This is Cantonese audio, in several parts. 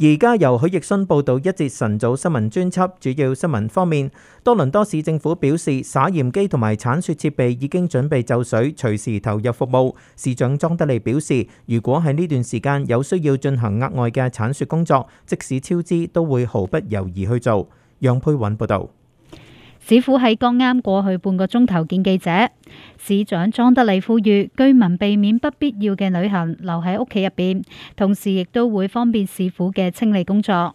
而家由許奕迅報道一節晨早新聞專輯，主要新聞方面，多倫多市政府表示撒鹽機同埋鏟雪設備已經準備就緒，隨時投入服務。市長莊德利表示，如果喺呢段時間有需要進行額外嘅鏟雪工作，即使超支都會毫不猶豫去做。楊佩韻報道。市府喺剛啱過去半個鐘頭見記者，市長莊德利呼籲居民避免不必要嘅旅行，留喺屋企入邊，同時亦都會方便市府嘅清理工作。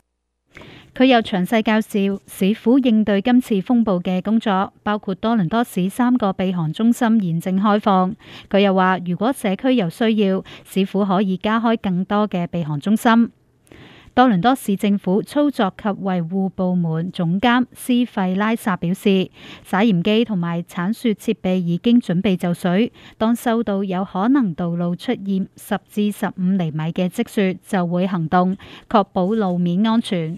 佢又詳細介紹市府應對今次風暴嘅工作，包括多倫多市三個避寒中心現正開放。佢又話：如果社區有需要，市府可以加開更多嘅避寒中心。多倫多市政府操作及維護部門總監斯費拉薩表示，撒鹽機同埋鏟雪設備已經準備就緒，當收到有可能道路出現十至十五厘米嘅積雪，就會行動，確保路面安全。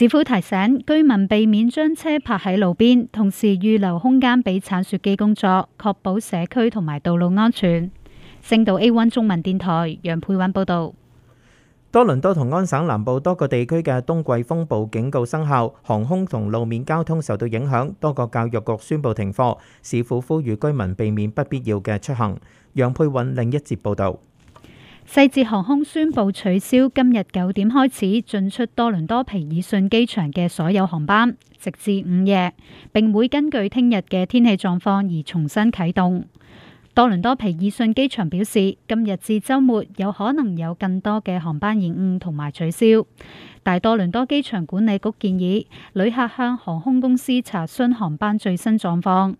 市府提醒居民避免將車泊喺路邊，同時預留空間俾鏟雪機工作，確保社區同埋道路安全。星島 A1 中文電台楊佩韻報道：多倫多同安省南部多個地區嘅冬季風暴警告生效，航空同路面交通受到影響，多個教育局宣布停課。市府呼籲居民避免不必要嘅出行。楊佩韻另一節報道。西捷航空宣布取消今日九點開始進出多倫多皮爾遜機場嘅所有航班，直至午夜，並會根據聽日嘅天氣狀況而重新啟動。多倫多皮爾遜機場表示，今日至周末有可能有更多嘅航班延誤同埋取消。大多倫多機場管理局建議旅客向航空公司查詢航班最新狀況。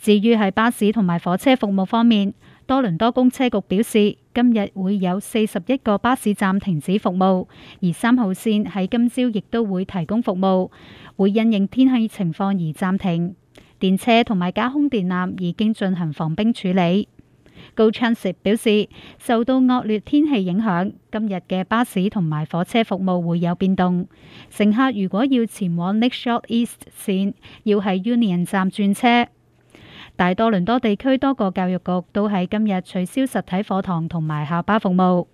至於喺巴士同埋火車服務方面。多倫多公車局表示，今日會有四十一個巴士站停止服務，而三號線喺今朝亦都會提供服務，會因應天氣情況而暫停。電車同埋架空電纜已經進行防冰處理。GO Transit 表示，受到惡劣天氣影響，今日嘅巴士同埋火車服務會有變動。乘客如果要前往 Lakeshore East 線，要喺 Union 站轉車。大多倫多地區多個教育局都喺今日取消實體課堂同埋校巴服務。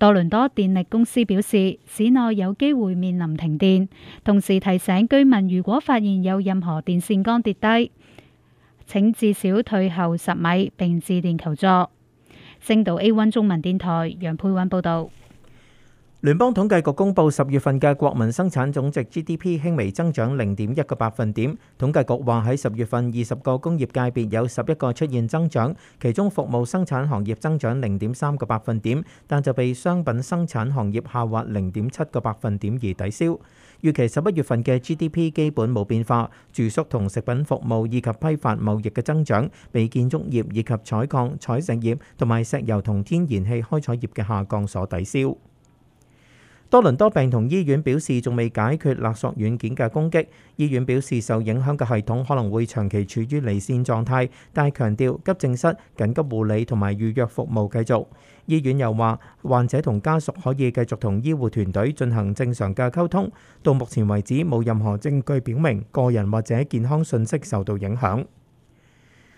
多倫多電力公司表示，市內有機會面臨停電，同時提醒居民如果發現有任何電線杆跌低，請至少退後十米並致電求助。星島 A1 中文電台楊佩韻報道。聯邦統計局公布十月份嘅國民生產總值 GDP 輕微增長零點一個百分點。統計局話喺十月份二十個工業界別有十一個出現增長，其中服務生產行業增長零點三個百分點，但就被商品生產行業下滑零點七個百分點而抵消。預期十一月份嘅 GDP 基本冇變化，住宿同食品服務以及批發貿易嘅增長被建築業以及採礦、採石業同埋石油同天然氣開採業嘅下降所抵消。多倫多病童醫院表示，仲未解決勒索軟件嘅攻擊。醫院表示，受影響嘅系統可能會長期處於離線狀態，但係強調急症室、緊急護理同埋預約服務繼續。醫院又話，患者同家屬可以繼續同醫護團隊進行正常嘅溝通。到目前為止，冇任何證據表明個人或者健康信息受到影響。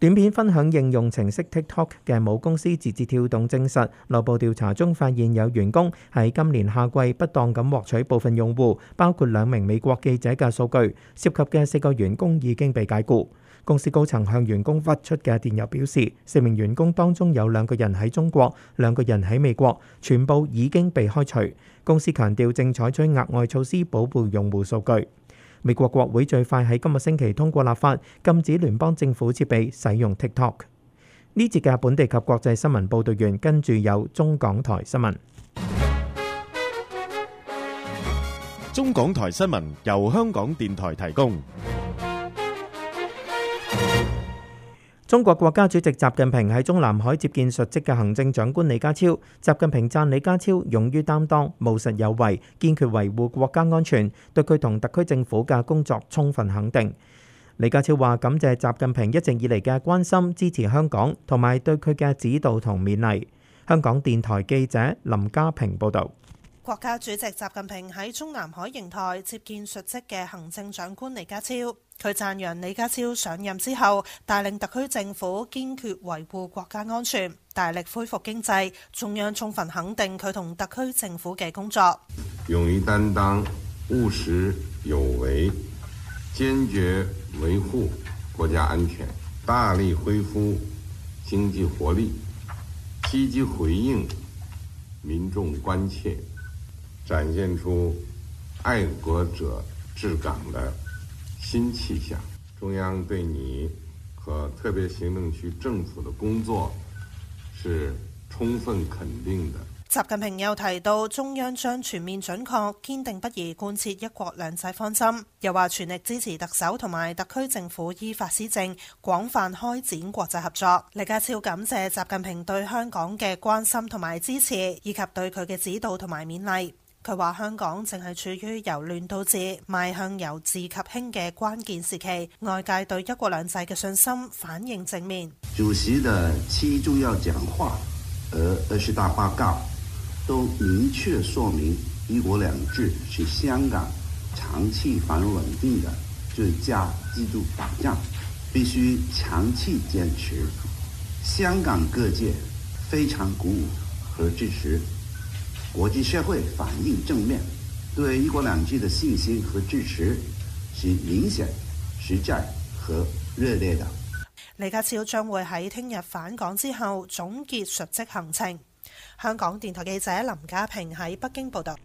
短片分享應用程式 TikTok 嘅母公司字節跳動證實內部調查中發現有員工喺今年夏季不當咁獲取部分用戶，包括兩名美國記者嘅數據。涉及嘅四個員工已經被解雇。公司高層向員工發出嘅電郵表示，四名員工當中有兩個人喺中國，兩個人喺美國，全部已經被開除。公司強調正採取額外措施保護用戶數據。美國國會最快喺今個星期通過立法，禁止聯邦政府設備使用 TikTok。呢節嘅本地及國際新聞報道員，跟住有中港台新聞。中港台新聞由香港電台提供。中國國家主席習近平喺中南海接見述職嘅行政長官李家超，習近平讚李家超勇於擔當、務實有為，堅決維護國家安全，對佢同特區政府嘅工作充分肯定。李家超話感謝習近平一直以嚟嘅關心、支持香港，同埋對佢嘅指導同勉勵。香港電台記者林家平報道。國家主席習近平喺中南海瀛台接見述職嘅行政長官李家超，佢讚揚李家超上任之後帶領特區政府堅決維護國家安全，大力恢復經濟。中央充分肯定佢同特區政府嘅工作，勇於擔當，務實有為，堅決維護國家安全，大力恢復經濟活力，積極回應民眾關切。展現出愛國者治港的新氣象。中央對你和特別行政區政府嘅工作是充分肯定的。習近平又提到，中央將全面準確、堅定不移貫徹一國兩制方針，又話全力支持特首同埋特區政府依法施政，廣泛開展國際合作。李家超感謝習近平對香港嘅關心同埋支持，以及對佢嘅指導同埋勉勵。佢話：香港正係處於由亂到治、邁向由治及興嘅關鍵時期，外界對一國兩制嘅信心反應正面。主席的七重要講話和二十大報告都明確說明，一國兩制是香港長期繁榮穩定的最佳制度保障，必須長期堅持。香港各界非常鼓舞和支持。國際社會反應正面，對一國兩制的信心和支持是明顯、實在和熱烈的。李家超將會喺聽日返港之後總結述職行程。香港電台記者林家平喺北京報道。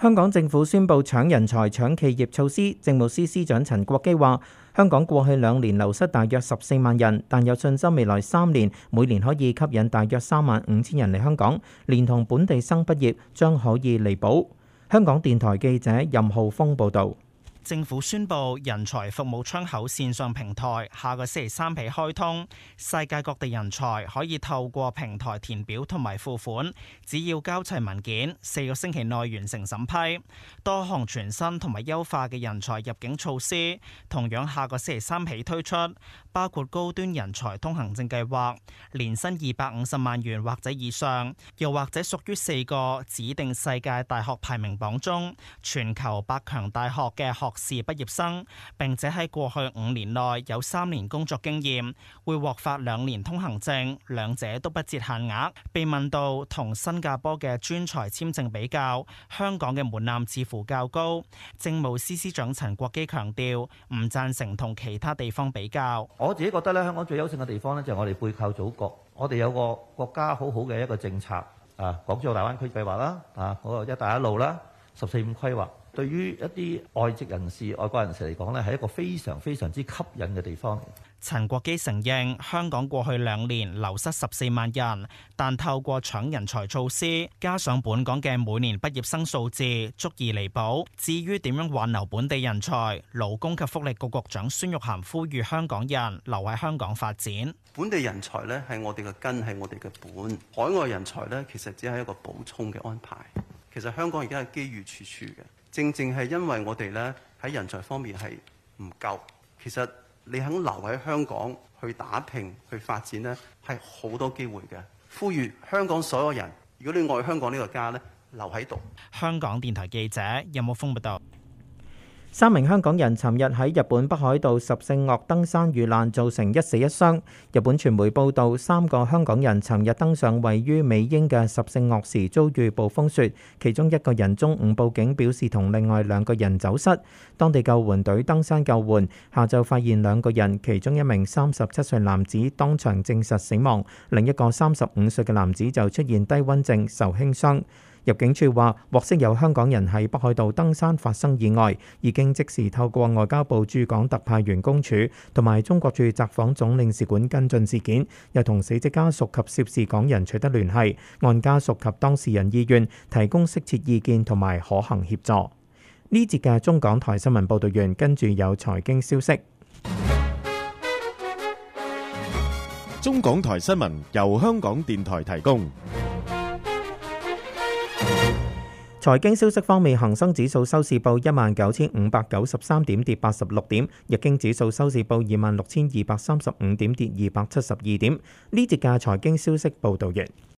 香港政府宣布搶人才、搶企業措施，政務司司長陳國基話：香港過去兩年流失大約十四萬人，但有信心未來三年每年可以吸引大約三萬五千人嚟香港，連同本地生畢業將可以彌補。香港電台記者任浩峰報導。政府宣布，人才服務窗口綫上平台下個星期三起開通，世界各地人才可以透過平台填表同埋付款。只要交齊文件，四個星期內完成審批。多項全新同埋優化嘅人才入境措施同樣下個星期三起推出，包括高端人才通行證計劃，年薪二百五十萬元或者以上，又或者屬於四個指定世界大學排名榜中全球百強大學嘅學博士畢業生，並且喺過去五年內有三年工作經驗，會獲發兩年通行證。兩者都不設限額。被問到同新加坡嘅專才簽證比較，香港嘅門檻似乎較高。政務司司長陳國基強調，唔贊成同其他地方比較。我自己覺得咧，香港最優勝嘅地方咧，就係我哋背靠祖國，我哋有個國家好好嘅一個政策啊，廣州大灣區計劃啦，啊，嗰個一帶一路啦，十四五規劃。對於一啲外籍人士、外國人士嚟講呢，係一個非常非常之吸引嘅地方。陳國基承認香港過去兩年流失十四萬人，但透過搶人才措施，加上本港嘅每年畢業生數字，足以彌補。至於點樣挽留本地人才，勞工及福利局局長孫玉涵呼籲香港人留喺香港發展。本地人才呢，係我哋嘅根，係我哋嘅本。海外人才呢，其實只係一個補充嘅安排。其實香港而家係機遇處處嘅。正正係因為我哋咧喺人才方面係唔夠，其實你肯留喺香港去打拼去發展咧，係好多機會嘅。呼籲香港所有人，如果你愛香港呢個家咧，留喺度。香港電台記者任木峰報道。三名香港人尋日喺日本北海道十勝岳登山遇難，造成一死一傷。日本傳媒報道，三個香港人尋日登上位於美瑛嘅十勝岳時，遭遇暴風雪，其中一個人中午報警表示同另外兩個人走失。當地救援隊登山救援，下晝發現兩個人，其中一名三十七歲男子當場證實死亡，另一個三十五歲嘅男子就出現低溫症受輕傷。入境處話獲悉有香港人喺北海道登山發生意外，已經即時透過外交部駐港特派員公署同埋中國駐札幌總領事館跟進事件，又同死者家屬及涉事港人取得聯繫，按家屬及當事人意願提供適切意見同埋可行協助。呢節嘅中港台新聞報導員跟住有財經消息。中港台新聞由香港電台提供。財經消息方面，恒生指數收市報一萬九千五百九十三點，跌八十六點，日經指數收市報二萬六千二百三十五點，跌二百七十二點。呢節嘅財經消息報道完。